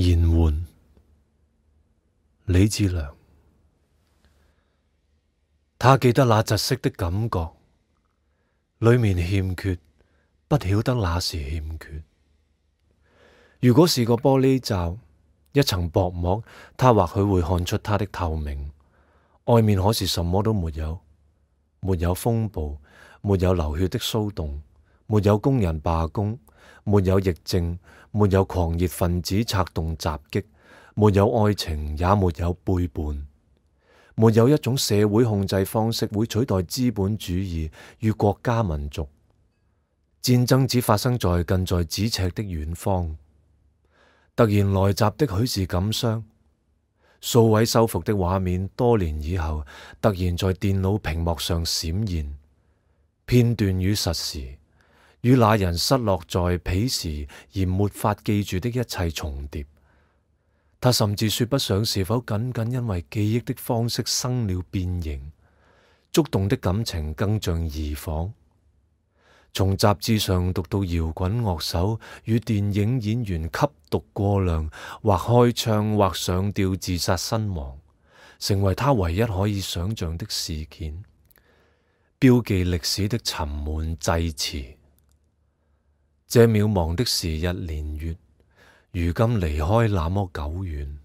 延緩，李智良，他記得那窒息的感覺，裏面欠缺，不曉得那是欠缺。如果是個玻璃罩，一層薄膜，他或許會看出它的透明。外面可是什麼都沒有，沒有風暴，沒有流血的騷動。沒有工人罷工，沒有疫症，沒有狂熱分子策動襲擊，沒有愛情，也沒有背叛，沒有一種社會控制方式會取代資本主義與國家民族。戰爭只發生在近在咫尺的遠方。突然來襲的許是感傷，數位修復的畫面，多年以後突然在電腦屏幕上閃現片段與實時。與那人失落在彼時而沒法記住的一切重疊，他甚至說不上是否僅僅因為記憶的方式生了變形，觸動的感情更像疑仿。從雜誌上讀到搖滾樂手與電影演員吸毒過量，或開唱或上吊自殺身亡，成為他唯一可以想象的事件，標記歷史的沉悶祭詞。這渺茫的時日年月，如今離開那麼久遠。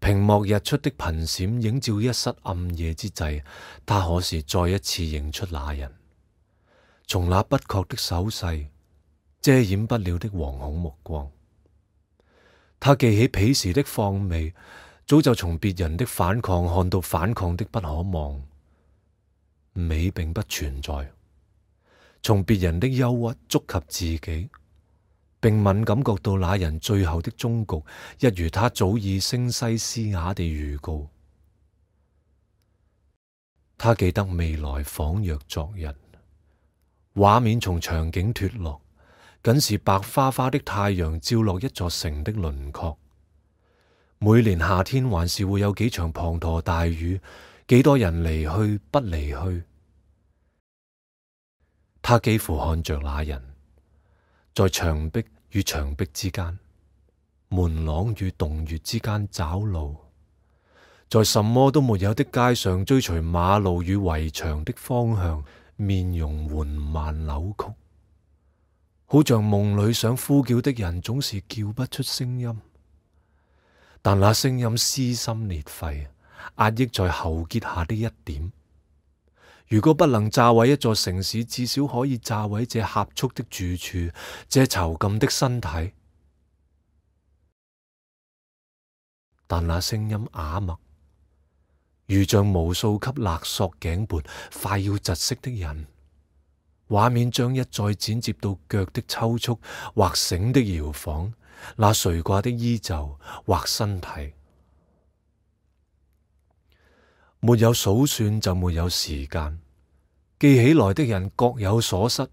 屏幕日出的頻閃，映照一室暗夜之際，他可是再一次認出那人。從那不確的手勢，遮掩不了的惶恐目光。他記起彼時的況味，早就從別人的反抗看到反抗的不可忘。美並不存在。從別人的憂鬱觸及自己，並敏感覺到那人最後的終局，一如他早已聲嘶嘶啞地預告。他記得未來仿若昨日，畫面從場景脱落，僅是白花花的太陽照落一座城的輪廓。每年夏天還是會有幾場滂沱大雨，幾多人離去不離去。他幾乎看着那人，在牆壁與牆壁之間，門廊與洞穴之間找路，在什麼都沒有的街上追隨馬路與圍牆的方向，面容緩慢扭曲，好像夢裏想呼叫的人總是叫不出聲音，但那聲音撕心裂肺，壓抑在喉結下的一點。如果不能炸毀一座城市，至少可以炸毀這狹促的住處，這囚禁的身體。但那聲音啞默，如像無數級勒索頸盤、快要窒息的人。畫面將一再剪接到腳的抽搐，或繩的搖晃，那垂掛的衣袖，或身體。沒有數算就沒有時間記起來的人各有所失。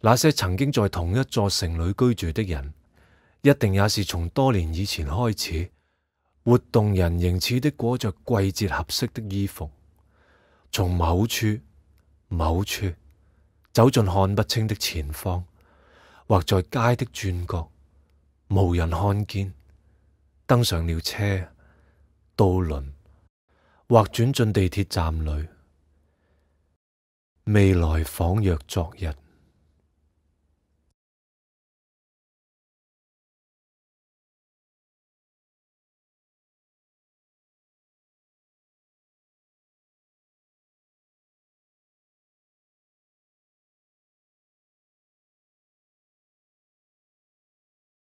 那些曾經在同一座城裏居住的人，一定也是從多年以前開始，活動人形似的裹着季節合適的衣服，從某處某處走進看不清的前方，或在街的轉角，無人看見，登上了車渡輪。或轉進地鐵站裏，未來仿若昨日。